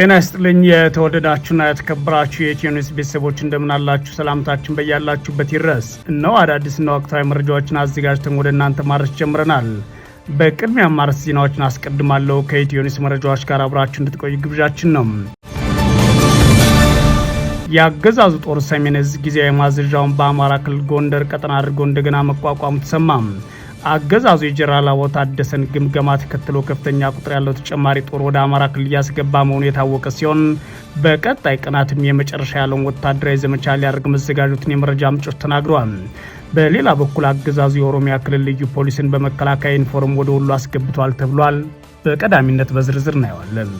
ጤና ይስጥልኝ የተወደዳችሁና የተከበራችሁ የኢትዮ ቤተሰቦች እንደምናላችሁ ሰላምታችን በያላችሁበት ይድረስ። እነሆ አዳዲስና ወቅታዊ መረጃዎችን አዘጋጅተን ወደ እናንተ ማድረስ ጀምረናል። በቅድሚያ አማርስ ዜናዎችን አስቀድማለሁ። ከኢትዮኒስ መረጃዎች ጋር አብራችሁ እንድትቆዩ ግብዣችን ነው። የአገዛዙ ጦር ሰሜን እዝ ጊዜያዊ ማዘዣውን በአማራ ክልል ጎንደር ቀጠና አድርጎ እንደገና መቋቋሙ ተሰማም። አገዛዙ የጀነራል አበባው ታደሰን ግምገማ ተከትሎ ከፍተኛ ቁጥር ያለው ተጨማሪ ጦር ወደ አማራ ክልል እያስገባ መሆኑ የታወቀ ሲሆን በቀጣይ ቀናትም የመጨረሻ ያለውን ወታደራዊ ዘመቻ ሊያደርግ መዘጋጀቱን የመረጃ ምንጮች ተናግረዋል። በሌላ በኩል አገዛዙ የኦሮሚያ ክልል ልዩ ፖሊስን በመከላከያ ዩኒፎርም ወደ ወሎ አስገብቷል ተብሏል። በቀዳሚነት በዝርዝር እናየዋለን።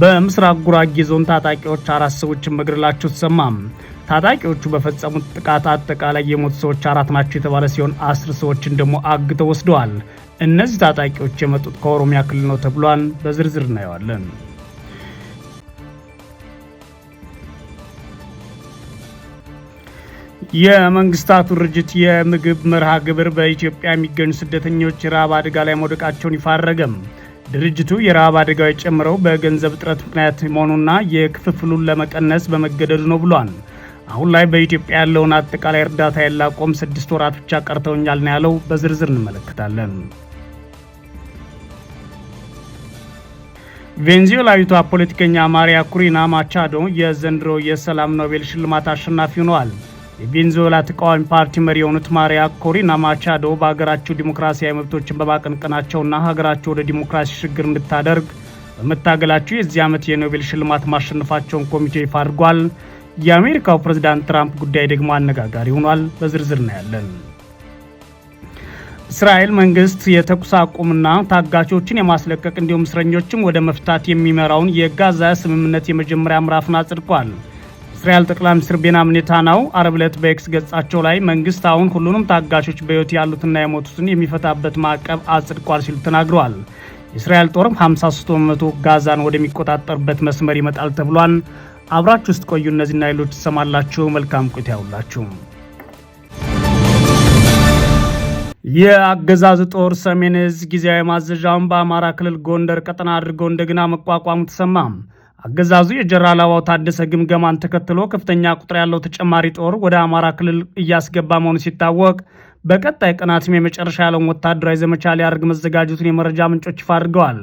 በምስራቅ ጉራጌ ዞን ታጣቂዎች አራት ሰዎችን መግደላቸው ተሰማም። ታጣቂዎቹ በፈጸሙት ጥቃት አጠቃላይ የሞቱ ሰዎች አራት ናቸው የተባለ ሲሆን አስር ሰዎችን ደግሞ አግተው ወስደዋል። እነዚህ ታጣቂዎች የመጡት ከኦሮሚያ ክልል ነው ተብሏል። በዝርዝር እናየዋለን። የመንግስታቱ ድርጅት የምግብ መርሃ ግብር በኢትዮጵያ የሚገኙ ስደተኞች የረሃብ አደጋ ላይ መውደቃቸውን ይፋ ድርጅቱ የረሃብ አደጋው የጨምረው በገንዘብ እጥረት ምክንያት መሆኑና የክፍፍሉን ለመቀነስ በመገደዱ ነው ብሏል። አሁን ላይ በኢትዮጵያ ያለውን አጠቃላይ እርዳታ ያላቆም ስድስት ወራት ብቻ ቀርተውኛል ነው ያለው። በዝርዝር እንመለከታለን። ቬንዙዌላዊቷ ፖለቲከኛ ማሪያ ኩሪና ማቻዶ የዘንድሮ የሰላም ኖቤል ሽልማት አሸናፊ ሆነዋል። የቬንዙዌላ ተቃዋሚ ፓርቲ መሪ የሆኑት ማሪያ ኮሪና ማቻዶ በሀገራቸው ዲሞክራሲያዊ መብቶችን በማቀንቀናቸውና ሀገራቸው ወደ ዲሞክራሲ ሽግግር እንድታደርግ በመታገላቸው የዚህ ዓመት የኖቤል ሽልማት ማሸነፋቸውን ኮሚቴው ይፋ አድርጓል። የአሜሪካው ፕሬዝዳንት ትራምፕ ጉዳይ ደግሞ አነጋጋሪ ሆኗል። በዝርዝር ነው ያለን። እስራኤል መንግስት የተኩስ አቁምና ታጋቾችን የማስለቀቅ እንዲሁም እስረኞችም ወደ መፍታት የሚመራውን የጋዛ ስምምነት የመጀመሪያ ምዕራፍን አጽድቋል። እስራኤል ጠቅላይ ሚኒስትር ቤንያሚን ኔታንያሁ አርብ ዕለት በኤክስ ገጻቸው ላይ መንግስት አሁን ሁሉንም ታጋቾች በሕይወት ያሉትና የሞቱትን የሚፈታበት ማዕቀብ አጽድቋል ሲሉ ተናግረዋል። የእስራኤል ጦርም 53 በመቶ ጋዛን ወደሚቆጣጠርበት መስመር ይመጣል ተብሏል። አብራችሁ ውስጥ ቆዩ። እነዚህና ሌሎች ትሰማላችሁ። መልካም ቆይታ ያውላችሁ። የአገዛዝ ጦር ሰሜን እዝ ጊዜያዊ ማዘዣውን በአማራ ክልል ጎንደር ቀጠና አድርጎ እንደገና መቋቋሙ ተሰማ። አገዛዙ የጀነራል አበባው ታደሰ ግምገማን ተከትሎ ከፍተኛ ቁጥር ያለው ተጨማሪ ጦር ወደ አማራ ክልል እያስገባ መሆኑ ሲታወቅ በቀጣይ ቀናትም የመጨረሻ ያለውን ወታደራዊ ዘመቻ ሊያደርግ መዘጋጀቱን የመረጃ ምንጮች ይፋ አድርገዋል።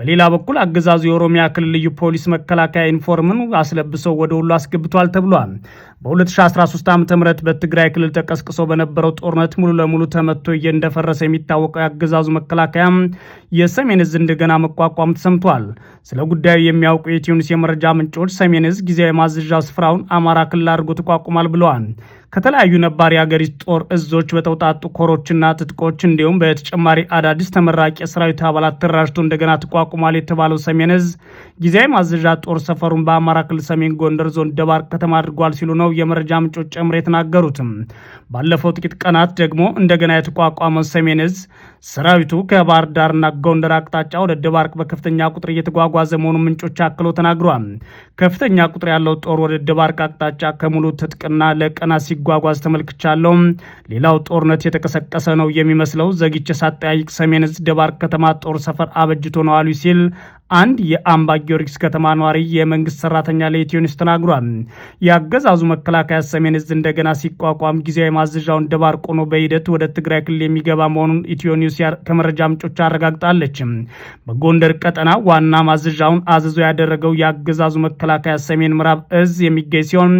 በሌላ በኩል አገዛዙ የኦሮሚያ ክልል ልዩ ፖሊስ መከላከያ ዩኒፎርምን አስለብሰው ወደ ወሎ አስገብቷል ተብሏል። በ2013 ዓ ም በትግራይ ክልል ተቀስቅሶ በነበረው ጦርነት ሙሉ ለሙሉ ተመቶ እንደፈረሰ የሚታወቀው የአገዛዙ መከላከያ የሰሜን እዝ እንደገና መቋቋም ተሰምቷል። ስለ ጉዳዩ የሚያውቁ የቲዩኒስ የመረጃ ምንጮች ሰሜን እዝ ጊዜያዊ ማዘዣ ስፍራውን አማራ ክልል አድርጎ ተቋቁሟል ብለዋል። ከተለያዩ ነባር የአገሪቱ ጦር እዞች በተውጣጡ ኮሮችና ትጥቆች እንዲሁም በተጨማሪ አዳዲስ ተመራቂ የሰራዊት አባላት ተደራጅቶ እንደገና ተቋቁሟል የተባለው ሰሜን እዝ ጊዜያዊ ማዘዣ ጦር ሰፈሩን በአማራ ክልል ሰሜን ጎንደር ዞን ደባርቅ ከተማ አድርጓል ሲሉ ነው የመረጃ ምንጮች ጨምሮ የተናገሩትም። ባለፈው ጥቂት ቀናት ደግሞ እንደገና የተቋቋመው ሰሜን እዝ ሰራዊቱ ከባህር ዳርና ጎንደር አቅጣጫ ወደ ደባርቅ በከፍተኛ ቁጥር እየተጓጓዘ መሆኑን ምንጮች አክሎ ተናግሯል ከፍተኛ ቁጥር ያለው ጦር ወደ ደባርቅ አቅጣጫ ከሙሉ ትጥቅና ለቀናት ሲጓጓዝ ተመልክቻለሁ። ሌላው ጦርነት የተቀሰቀሰ ነው የሚመስለው ዘግቼ ሳጠያይቅ ሰሜን እዝ ደባርቅ ከተማ ጦር ሰፈር አበጅቶ ነው አሉ ሲል አንድ የአምባ ጊዮርጊስ ከተማ ኗሪ የመንግስት ሰራተኛ ለኢትዮ ኒውስ ተናግሯል። የአገዛዙ መከላከያ ሰሜን እዝ እንደገና ሲቋቋም ጊዜያዊ ማዘዣውን ደባርቆ ነው በሂደት ወደ ትግራይ ክልል የሚገባ መሆኑን ኢትዮ ኒውስ ከመረጃ ምንጮች አረጋግጣለች። በጎንደር ቀጠና ዋና ማዘዣውን አዘዞ ያደረገው የአገዛዙ መከላከያ ሰሜን ምዕራብ እዝ የሚገኝ ሲሆን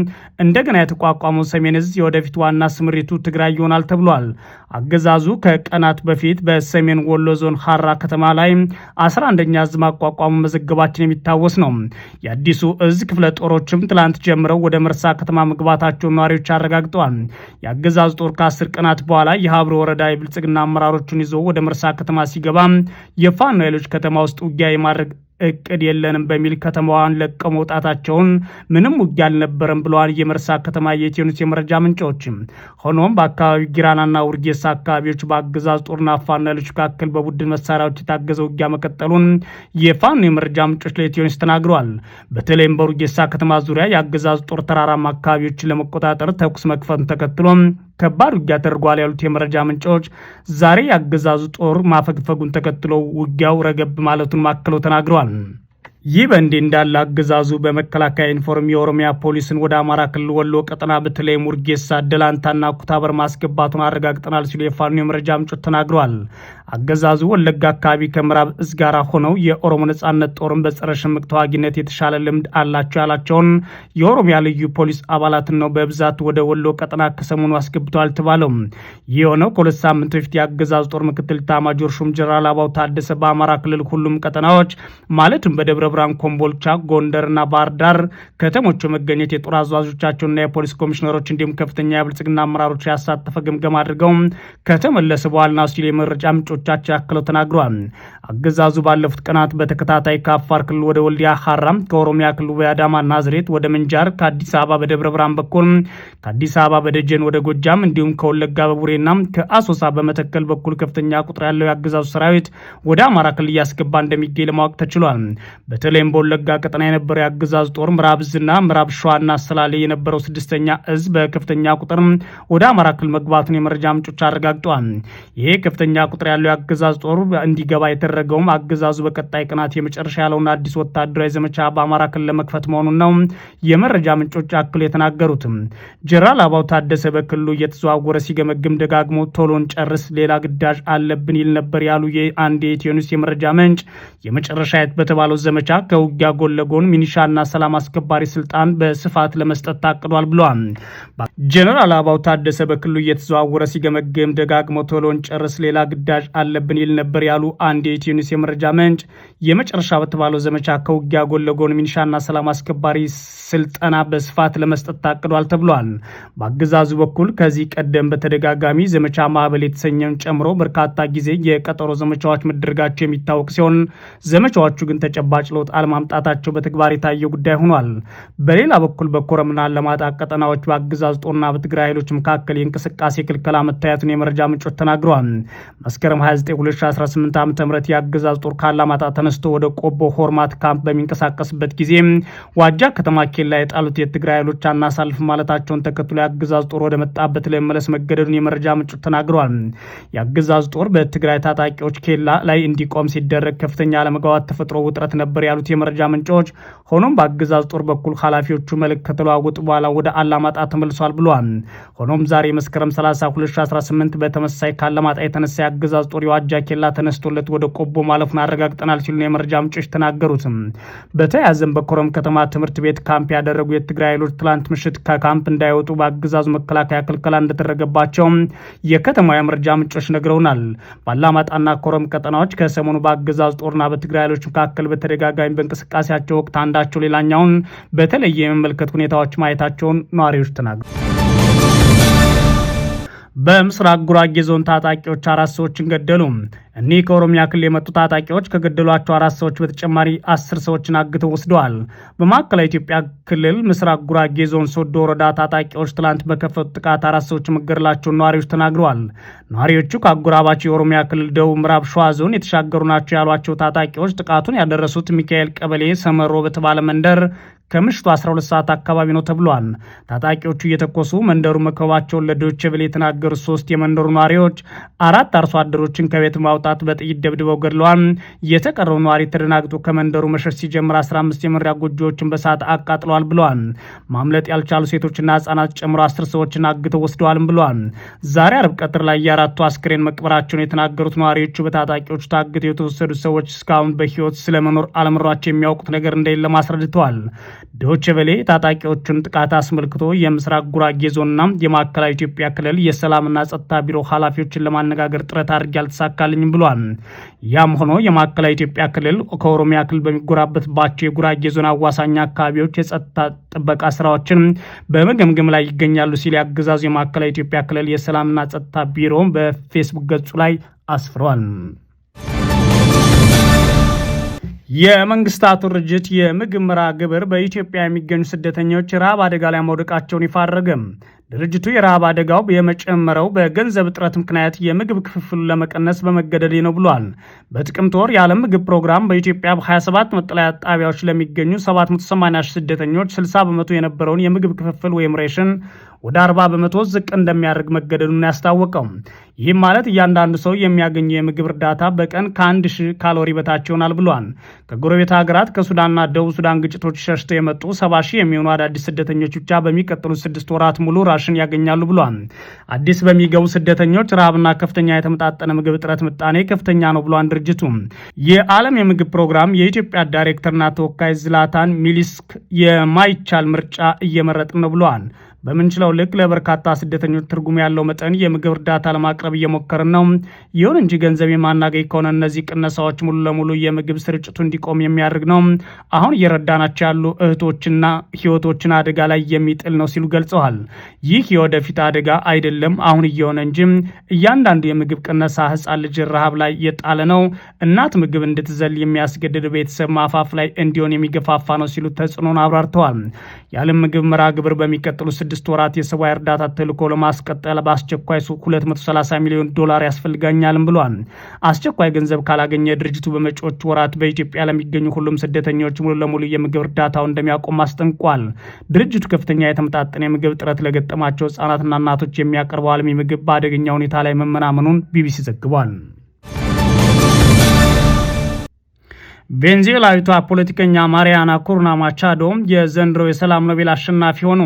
እንደገና የተቋቋመው ሰሜን እዝ የወደፊት ዋና ስምሪቱ ትግራይ ይሆናል ተብሏል። አገዛዙ ከቀናት በፊት በሰሜን ወሎ ዞን ሀራ ከተማ ላይ 11ኛ እዝ ማቋቋ መቋቋሙ መዘገባችን የሚታወስ ነው። የአዲሱ እዝ ክፍለ ጦሮችም ትላንት ጀምረው ወደ መርሳ ከተማ መግባታቸውን ነዋሪዎች አረጋግጠዋል። የአገዛዙ ጦር ከአስር ቀናት በኋላ የሀብሮ ወረዳ የብልጽግና አመራሮችን ይዞ ወደ መርሳ ከተማ ሲገባ የፋኖ ኃይሎች ከተማ ውስጥ ውጊያ የማድረግ እቅድ የለንም በሚል ከተማዋን ለቀው መውጣታቸውን ምንም ውጊያ አልነበረም ብለዋል የመርሳ ከተማ የኢትዮኒውስ የመረጃ ምንጮችም። ሆኖም በአካባቢው ጊራናና ውርጌሳ አካባቢዎች በአገዛዝ ጦርና ፋኖ ኃይሎች መካከል በቡድን መሳሪያዎች የታገዘ ውጊያ መቀጠሉን የፋኖ የመረጃ ምንጮች ለኢትዮኒውስ ተናግረዋል። በተለይም በውርጌሳ ከተማ ዙሪያ የአገዛዝ ጦር ተራራማ አካባቢዎችን ለመቆጣጠር ተኩስ መክፈቱን ተከትሎም ከባድ ውጊያ ተደርጓል ያሉት የመረጃ ምንጮች ዛሬ የአገዛዙ ጦር ማፈግፈጉን ተከትሎ ውጊያው ረገብ ማለቱን ማክለው ተናግረዋል። ይህ በእንዲህ እንዳለ አገዛዙ በመከላከያ ዩኒፎርም የኦሮሚያ ፖሊስን ወደ አማራ ክልል ወሎ ቀጠና በተለይ ሙርጌሳ፣ ደላንታና ኩታበር ማስገባቱን አረጋግጠናል ሲሉ የፋኖ የመረጃ ምንጮች ተናግረዋል። አገዛዙ ወለጋ አካባቢ ከምዕራብ እዝ ጋር ሆነው የኦሮሞ ነጻነት ጦርን በጸረ ሽምቅ ተዋጊነት የተሻለ ልምድ አላቸው ያላቸውን የኦሮሚያ ልዩ ፖሊስ አባላትን ነው በብዛት ወደ ወሎ ቀጠና ከሰሞኑ አስገብተዋል ተባለው። ይህ የሆነው ከሁለት ሳምንት በፊት የአገዛዙ ጦር ምክትል ኤታማዦር ሹም ጀነራል አበባው ታደሰ በአማራ ክልል ሁሉም ቀጠናዎች ማለትም በደብረ ብርሃን፣ ኮምቦልቻ፣ ጎንደርና ባህር ዳር ከተሞቹ መገኘት የጦር አዛዦቻቸውና የፖሊስ ኮሚሽነሮች እንዲሁም ከፍተኛ የብልጽግና አመራሮች ያሳተፈ ግምገማ አድርገው ከተመለሰ በኋላ ነው ሲል የመረጃ ምንጮ ምንጮቻቸው ያክለው ተናግረዋል። አገዛዙ ባለፉት ቀናት በተከታታይ ከአፋር ክልል ወደ ወልዲያ ሐራም፣ ከኦሮሚያ ክልል በአዳማ ናዝሬት ወደ ምንጃር፣ ከአዲስ አበባ በደብረ ብርሃን በኩል ከአዲስ አበባ በደጀን ወደ ጎጃም እንዲሁም ከወለጋ በቡሬና ከአሶሳ በመተከል በኩል ከፍተኛ ቁጥር ያለው የአገዛዙ ሰራዊት ወደ አማራ ክልል እያስገባ እንደሚገኝ ለማወቅ ተችሏል። በተለይም በወለጋ ቀጠና የነበረው የአገዛዙ ጦር ምዕራብ እዝና ምዕራብ ሸዋና ሰላሌ የነበረው ስድስተኛ እዝ በከፍተኛ ቁጥር ወደ አማራ ክልል መግባቱን የመረጃ ምንጮች አረጋግጠዋል። ይሄ ከፍተኛ ቁጥር ያለው የአገዛዝ ጦር እንዲገባ የተደረገ ያደረገውም አገዛዙ በቀጣይ ቀናት የመጨረሻ ያለውን አዲስ ወታደራዊ ዘመቻ በአማራ ክልል ለመክፈት መሆኑን ነው የመረጃ ምንጮች አክሎ የተናገሩትም። ጀነራል አባው ታደሰ በክልሉ እየተዘዋወረ ሲገመግም ደጋግሞ ቶሎን ጨርስ፣ ሌላ ግዳጅ አለብን ይል ነበር ያሉ የአንድ የኢትዮኒስ የመረጃ ምንጭ የመጨረሻ የት በተባለው ዘመቻ ከውጊያ ጎን ለጎን ሚኒሻና ሰላም አስከባሪ ስልጣን በስፋት ለመስጠት ታቅዷል ብለዋል። ጀነራል አባው ታደሰ በክልሉ እየተዘዋወረ ሲገመግም ደጋግሞ ቶሎን ጨርስ፣ ሌላ ግዳጅ አለብን ይል ነበር ያሉ አንድ ዩኒስ የመረጃ ምንጭ የመጨረሻ በተባለው ዘመቻ ከውጊያ ጎን ለጎን ሚኒሻና ሰላም አስከባሪ ስልጠና በስፋት ለመስጠት ታቅዷል ተብሏል። በአገዛዙ በኩል ከዚህ ቀደም በተደጋጋሚ ዘመቻ ማዕበል የተሰኘውን ጨምሮ በርካታ ጊዜ የቀጠሮ ዘመቻዎች መደረጋቸው የሚታወቅ ሲሆን ዘመቻዎቹ ግን ተጨባጭ ለውጥ አለማምጣታቸው በተግባር የታየ ጉዳይ ሆኗል። በሌላ በኩል በኮረምና ለማጣ ቀጠናዎች በአገዛዙ ጦርና በትግራይ ኃይሎች መካከል የእንቅስቃሴ ክልከላ መታየቱን የመረጃ ምንጮች ተናግረዋል። መስከረም 29 2018 ዓ ም የአገዛዝ ጦር ካላማጣ ተነስቶ ወደ ቆቦ ሆርማት ካምፕ በሚንቀሳቀስበት ጊዜ ዋጃ ከተማ ኬላ የጣሉት የትግራይ ኃይሎች አናሳልፍ ማለታቸውን ተከትሎ የአገዛዝ ጦር ወደ መጣበት ለመመለስ መገደዱን የመረጃ ምንጮች ተናግረዋል። የአገዛዝ ጦር በትግራይ ታጣቂዎች ኬላ ላይ እንዲቆም ሲደረግ ከፍተኛ አለመግባባት ተፈጥሮ ውጥረት ነበር ያሉት የመረጃ ምንጮች፣ ሆኖም በአገዛዝ ጦር በኩል ኃላፊዎቹ መልእክት ከተለዋወጡ በኋላ ወደ አላማጣ ተመልሷል ብሏል። ሆኖም ዛሬ መስከረም 30 2018 በተመሳሳይ ከአላማጣ የተነሳ የአገዛዝ ጦር የዋጃ ኬላ ተነስቶለት ወደ ቆ ቆቦ ማለፉን አረጋግጠናል ሲሉ የመረጃ ምንጮች ተናገሩትም። በተያያዘም በኮረም ከተማ ትምህርት ቤት ካምፕ ያደረጉ የትግራይ ኃይሎች ትላንት ምሽት ከካምፕ እንዳይወጡ በአገዛዙ መከላከያ ክልከላ እንደተደረገባቸው የከተማ የመረጃ ምንጮች ነግረውናል። ባላማጣና ኮረም ቀጠናዎች ከሰሞኑ በአገዛዙ ጦርና በትግራይ ኃይሎች መካከል በተደጋጋሚ በእንቅስቃሴያቸው ወቅት አንዳቸው ሌላኛውን በተለየ የመመልከት ሁኔታዎች ማየታቸውን ነዋሪዎች ተናግረዋል። በምስራቅ ጉራጌ ዞን ታጣቂዎች አራት ሰዎችን ገደሉ። እኒህ ከኦሮሚያ ክልል የመጡ ታጣቂዎች ከገደሏቸው አራት ሰዎች በተጨማሪ አስር ሰዎችን አግተው ወስደዋል። በማዕከላዊ ኢትዮጵያ ክልል ምስራቅ ጉራጌ ዞን ሶዶ ወረዳ ታጣቂዎች ትላንት በከፈቱ ጥቃት አራት ሰዎች መገደላቸውን ነዋሪዎች ተናግረዋል። ነዋሪዎቹ ከአጎራባቸው የኦሮሚያ ክልል ደቡብ ምዕራብ ሸዋ ዞን የተሻገሩ ናቸው ያሏቸው ታጣቂዎች ጥቃቱን ያደረሱት ሚካኤል ቀበሌ ሰመሮ በተባለ መንደር ከምሽቱ 12 ሰዓት አካባቢ ነው ተብሏል። ታጣቂዎቹ እየተኮሱ መንደሩ መከባቸውን ለዶይቼ ቬለ የተናገሩት ሶስት የመንደሩ ነዋሪዎች አራት አርሶ አደሮችን ከቤት ማውጣት በጥይት ደብድበው ገድለዋል። የተቀረው ነዋሪ ተደናግጦ ከመንደሩ መሸሽ ሲጀምር 15 የመኖሪያ ጎጆዎችን በሰዓት አቃጥለዋል ብለዋል። ማምለጥ ያልቻሉ ሴቶችና ህጻናት ጨምሮ አስር ሰዎችን አግተው ወስደዋልም ብለዋል። ዛሬ አርብ ቀጥር ላይ የአራቱ አስክሬን መቅበራቸውን የተናገሩት ነዋሪዎቹ በታጣቂዎቹ ታግተው የተወሰዱት ሰዎች እስካሁን በህይወት ስለመኖር አለመኖራቸው የሚያውቁት ነገር እንደሌለም አስረድተዋል። ዶችቬሌ ታጣቂዎቹን ጥቃት አስመልክቶ የምስራቅ ጉራጌ ዞንና የማዕከላዊ ኢትዮጵያ ክልል የሰላምና ጸጥታ ቢሮ ኃላፊዎችን ለማነጋገር ጥረት አድርጌ አልተሳካልኝም ብሏል። ያም ሆኖ የማዕከላዊ ኢትዮጵያ ክልል ከኦሮሚያ ክልል በሚጎራበትባቸው የጉራጌ ዞን አዋሳኝ አካባቢዎች የጸጥታ ጥበቃ ስራዎችን በመገምገም ላይ ይገኛሉ ሲል ያገዛዙ የማዕከላዊ ኢትዮጵያ ክልል የሰላምና ጸጥታ ቢሮ በፌስቡክ ገጹ ላይ አስፍሯል። የመንግስታቱ ድርጅት የምግብ መርሃ ግብር በኢትዮጵያ የሚገኙ ስደተኞች ረሃብ አደጋ ላይ መውደቃቸውን ይፋ አደረገም። ድርጅቱ የረሃብ አደጋው የመጨመረው በገንዘብ እጥረት ምክንያት የምግብ ክፍፍሉን ለመቀነስ በመገደዴ ነው ብሏል። በጥቅምት ወር የዓለም ምግብ ፕሮግራም በኢትዮጵያ በ27 መጠለያ ጣቢያዎች ለሚገኙ 780 ስደተኞች 60 በመቶ የነበረውን የምግብ ክፍፍል ወይም ሬሽን ወደ 40 በመቶ ዝቅ እንደሚያደርግ መገደዱን ያስታወቀው ይህም ማለት እያንዳንዱ ሰው የሚያገኘው የምግብ እርዳታ በቀን ከአንድ ሺህ ካሎሪ በታች ይሆናል ብሏል። ከጎረቤት ሀገራት ከሱዳንና ደቡብ ሱዳን ግጭቶች ሸሽተው የመጡ ሰባ ሺህ የሚሆኑ አዳዲስ ስደተኞች ብቻ በሚቀጥሉት ስድስት ወራት ሙሉ ራሽን ያገኛሉ ብሏል። አዲስ በሚገቡ ስደተኞች ረሃብና ከፍተኛ የተመጣጠነ ምግብ እጥረት ምጣኔ ከፍተኛ ነው ብሏል ድርጅቱ። የዓለም የምግብ ፕሮግራም የኢትዮጵያ ዳይሬክተርና ተወካይ ዝላታን ሚሊስክ የማይቻል ምርጫ እየመረጥ ነው ብለዋል። በምንችለው ልክ ለበርካታ ስደተኞች ትርጉም ያለው መጠን የምግብ እርዳታ ለማቅረብ እየሞከርን ነው። ይሁን እንጂ ገንዘብ የማናገኝ ከሆነ እነዚህ ቅነሳዎች ሙሉ ለሙሉ የምግብ ስርጭቱ እንዲቆም የሚያደርግ ነው። አሁን እየረዳናቸው ያሉ እህቶችና ህይወቶችን አደጋ ላይ የሚጥል ነው ሲሉ ገልጸዋል። ይህ የወደፊት አደጋ አይደለም አሁን እየሆነ እንጂ እያንዳንዱ የምግብ ቅነሳ ህፃን ልጅ ረሃብ ላይ የጣለ ነው። እናት ምግብ እንድትዘል የሚያስገድድ ቤተሰብ ማፋፍ ላይ እንዲሆን የሚገፋፋ ነው ሲሉ ተጽዕኖን አብራርተዋል። የዓለም ምግብ መርሃ ግብር በሚቀጥሉ ስድስት ለስድስት ወራት የሰብአዊ እርዳታ ተልኮ ለማስቀጠል በአስቸኳይ 230 ሚሊዮን ዶላር ያስፈልጋኛልም ብሏል። አስቸኳይ ገንዘብ ካላገኘ ድርጅቱ በመጪዎቹ ወራት በኢትዮጵያ ለሚገኙ ሁሉም ስደተኞች ሙሉ ለሙሉ የምግብ እርዳታው እንደሚያቆም አስጠንቋል። ድርጅቱ ከፍተኛ የተመጣጠነ የምግብ እጥረት ለገጠማቸው ህጻናትና እናቶች የሚያቀርበው አልሚ ምግብ በአደገኛ ሁኔታ ላይ መመናመኑን ቢቢሲ ዘግቧል። ቬንዙዌላዊቷ ፖለቲከኛ ማሪያና ኩርና ማቻዶ የዘንድሮ የሰላም ኖቤል አሸናፊ ሆኑ።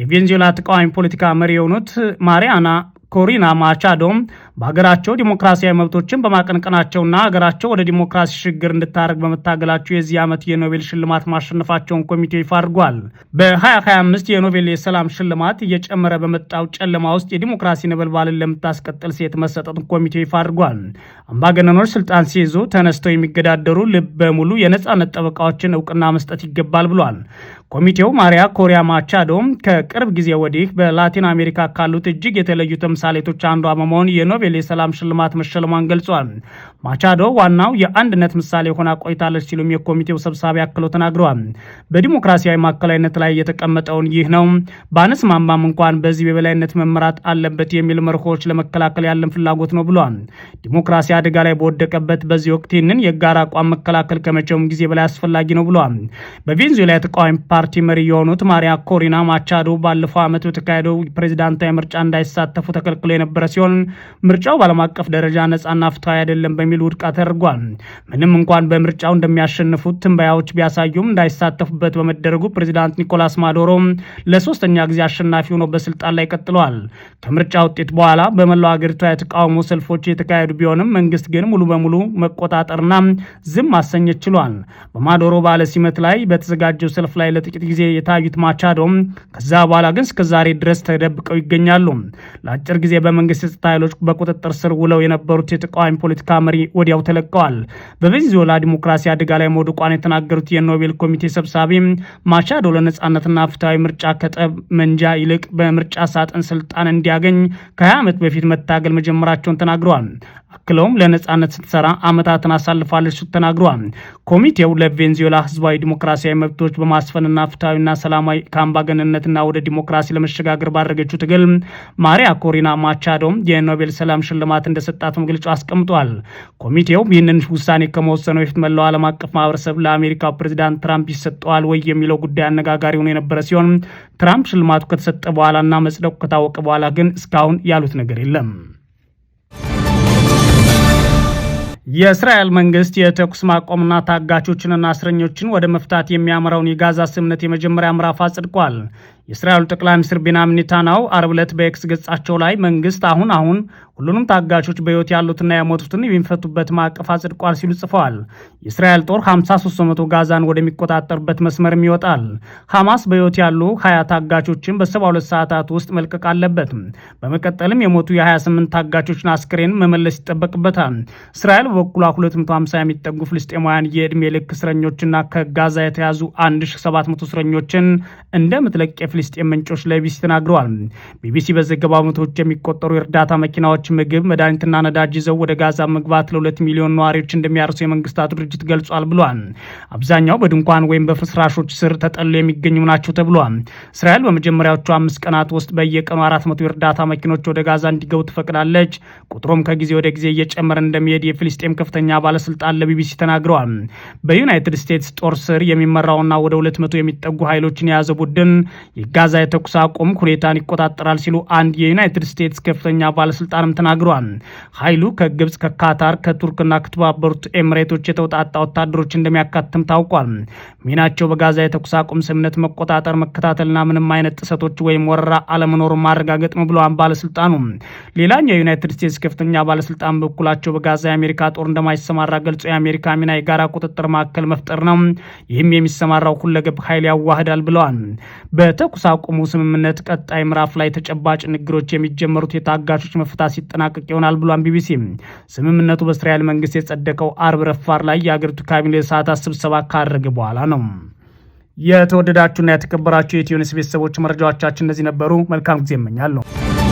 የቬንዙዌላ ተቃዋሚ ፖለቲካ መሪ የሆኑት ማሪያና ኮሪና ማቻዶም በሀገራቸው ዲሞክራሲያዊ መብቶችን በማቀንቀናቸውና ሀገራቸው ወደ ዲሞክራሲ ሽግግር እንድታደርግ በመታገላቸው የዚህ ዓመት የኖቤል ሽልማት ማሸነፋቸውን ኮሚቴው ይፋ አድርጓል። በ2025 የኖቤል የሰላም ሽልማት እየጨመረ በመጣው ጨለማ ውስጥ የዲሞክራሲ ነበልባልን ለምታስቀጥል ሴት መሰጠቱን ኮሚቴው ይፋ አድርጓል። አምባገነኖች ስልጣን ሲይዙ ተነስተው የሚገዳደሩ ልብ በሙሉ የነጻነት ጠበቃዎችን እውቅና መስጠት ይገባል ብሏል። ኮሚቴው ማሪያ ኮሪያ ማቻዶ ከቅርብ ጊዜ ወዲህ በላቲን አሜሪካ ካሉት እጅግ የተለዩ ተምሳሌቶች አንዷ በመሆን የኖቤል የሰላም ሽልማት መሸለሟን ገልጿል። ማቻዶ ዋናው የአንድነት ምሳሌ ሆና ቆይታለች ሲሉም የኮሚቴው ሰብሳቢ አክሎ ተናግረዋል። በዲሞክራሲያዊ ማዕከላዊነት ላይ የተቀመጠውን ይህ ነው በአነስ ማማም እንኳን በዚህ የበላይነት መመራት አለበት የሚል መርሆች ለመከላከል ያለን ፍላጎት ነው ብሏል። ዲሞክራሲ አደጋ ላይ በወደቀበት በዚህ ወቅት ይህንን የጋራ አቋም መከላከል ከመቼውም ጊዜ በላይ አስፈላጊ ነው ብሏል። በቬንዙዌላ የተቃዋሚ ፓርቲ መሪ የሆኑት ማሪያ ኮሪና ማቻዶ ባለፈው ዓመት በተካሄደው ፕሬዚዳንታዊ ምርጫ እንዳይሳተፉ ተከልክሎ የነበረ ሲሆን ምርጫው በዓለም አቀፍ ደረጃ ነጻና ፍትሐዊ አይደለም በሚል ውድቅ ተደርጓል። ምንም እንኳን በምርጫው እንደሚያሸንፉት ትንበያዎች ቢያሳዩም እንዳይሳተፉበት በመደረጉ ፕሬዚዳንት ኒኮላስ ማዶሮ ለሶስተኛ ጊዜ አሸናፊ ሆኖ በስልጣን ላይ ቀጥለዋል። ከምርጫ ውጤት በኋላ በመላው አገሪቷ የተቃውሞ ሰልፎች የተካሄዱ ቢሆንም መንግስት ግን ሙሉ በሙሉ መቆጣጠርና ዝም ማሰኘት ችሏል። በማዶሮ ባለ ሲመት ላይ በተዘጋጀው ሰልፍ ላይ ለጥቂት ጊዜ የታዩት ማቻዶም ከዛ በኋላ ግን እስከዛሬ ድረስ ተደብቀው ይገኛሉ። ለአጭር ጊዜ በመንግስት የጸጥታ ኃይሎች በቁጥጥር ስር ውለው የነበሩት የተቃዋሚ ፖለቲካ መሪ ወዲያው ተለቀዋል። በቬንዙዌላ ዲሞክራሲ አደጋ ላይ መውደቋን የተናገሩት የኖቤል ኮሚቴ ሰብሳቢ ማቻዶ ለነጻነትና ፍትሐዊ ምርጫ መንጃ ይልቅ በምርጫ ሳጥን ስልጣን እንዲያገኝ ከ20 ዓመት በፊት መታገል መጀመራቸውን ተናግረዋል። አክለውም ለነጻነት ስትሰራ ዓመታትን አሳልፋለች ሲሉ ተናግረዋል። ኮሚቴው ለቬንዙዌላ ህዝባዊ ዲሞክራሲያዊ መብቶች በማስፈንና ፍትሐዊና ሰላማዊ ከአምባገነንነትና ወደ ዲሞክራሲ ለመሸጋገር ባደረገችው ትግል ማሪያ ኮሪና ማቻዶም የኖቤል ሰላም ሽልማት እንደሰጣት መግለጫው አስቀምጧል። ኮሚቴው ይህንን ውሳኔ ከመወሰኑ በፊት መላው ዓለም አቀፍ ማህበረሰብ ለአሜሪካ ፕሬዚዳንት ትራምፕ ይሰጠዋል ወይ የሚለው ጉዳይ አነጋጋሪ ሆኖ የነበረ ሲሆን ትራምፕ ሽልማቱ ከተሰጠ በኋላና መጽደቁ ከታወቀ በኋላ ግን እስካሁን ያሉት ነገር የለም። የእስራኤል መንግስት የተኩስ ማቆምና ታጋቾችንና እስረኞችን ወደ መፍታት የሚያምራውን የጋዛ ስምምነት የመጀመሪያ ምዕራፍ አጽድቋል። የእስራኤሉ ጠቅላይ ሚኒስትር ቤንያሚን ኔታንያሁ አርብ ዕለት በኤክስ ገጻቸው ላይ መንግስት አሁን አሁን ሁሉንም ታጋቾች በሕይወት ያሉትና የሞቱትን የሚፈቱበት ማዕቀፍ አጽድቋል ሲሉ ጽፈዋል። የእስራኤል ጦር 53 በመቶ ጋዛን ወደሚቆጣጠርበት መስመርም ይወጣል። ሐማስ በሕይወት ያሉ 20 ታጋቾችን በ72 ሰዓታት ውስጥ መልቀቅ አለበት። በመቀጠልም የሞቱ የ28 ታጋቾችን አስክሬን መመለስ ይጠበቅበታል። እስራኤል በበኩሏ 250 የሚጠጉ ፍልስጤማውያን የዕድሜ ልክ እስረኞችና ከጋዛ የተያዙ 1700 እስረኞችን እንደምትለቅ የፍልስጤም ምንጮች ለቢቢሲ ተናግረዋል። ቢቢሲ በዘገባ መቶዎች የሚቆጠሩ የእርዳታ መኪናዎች ምግብ፣ መድኃኒትና ነዳጅ ይዘው ወደ ጋዛ መግባት ለሁለት ሚሊዮን ነዋሪዎች እንደሚያርሱ የመንግስታቱ ድርጅት ገልጿል ብሏል። አብዛኛው በድንኳን ወይም በፍርስራሾች ስር ተጠልሎ የሚገኙ ናቸው ተብሏል። እስራኤል በመጀመሪያዎቹ አምስት ቀናት ውስጥ በየቀኑ አራት መቶ የእርዳታ መኪኖች ወደ ጋዛ እንዲገቡ ትፈቅዳለች። ቁጥሩም ከጊዜ ወደ ጊዜ እየጨመረ እንደሚሄድ የፊልስጤም ከፍተኛ ባለስልጣን ለቢቢሲ ተናግረዋል። በዩናይትድ ስቴትስ ጦር ስር የሚመራውና ወደ ሁለት መቶ የሚጠጉ ኃይሎችን የያዘ ቡድን የጋዛ የተኩስ አቁም ሁኔታን ይቆጣጠራል ሲሉ አንድ የዩናይትድ ስቴትስ ከፍተኛ ባለስልጣንም ተናግሯል። ኃይሉ ከግብፅ፣ ከካታር፣ ከቱርክና ከተባበሩት ኤምሬቶች የተውጣጣ ወታደሮች እንደሚያካትም ታውቋል። ሚናቸው በጋዛ የተኩስ አቁም ስምምነት መቆጣጠር፣ መከታተልና ምንም አይነት ጥሰቶች ወይም ወረራ አለመኖሩን ማረጋገጥ ነው ብለዋል ባለስልጣኑ። ሌላኛው የዩናይትድ ስቴትስ ከፍተኛ ባለስልጣን በበኩላቸው በጋዛ የአሜሪካ ጦር እንደማይሰማራ ገልጾ የአሜሪካ ሚና የጋራ ቁጥጥር ማዕከል መፍጠር ነው፣ ይህም የሚሰማራው ሁለገብ ኃይል ያዋህዳል ብለዋል። በተኩስ አቁሙ ስምምነት ቀጣይ ምዕራፍ ላይ ተጨባጭ ንግግሮች የሚጀመሩት የታጋቾች መፍታት የሚጠናቀቅ ይሆናል ብሏል ቢቢሲ። ስምምነቱ በእስራኤል መንግስት የጸደቀው አርብ ረፋር ላይ የአገሪቱ ካቢኔ ሰዓታት ስብሰባ ካደረገ በኋላ ነው። የተወደዳችሁና የተከበራችሁ የኢትዮ ኒውስ ቤተሰቦች መረጃዎቻችን እነዚህ ነበሩ። መልካም ጊዜ እመኛለሁ።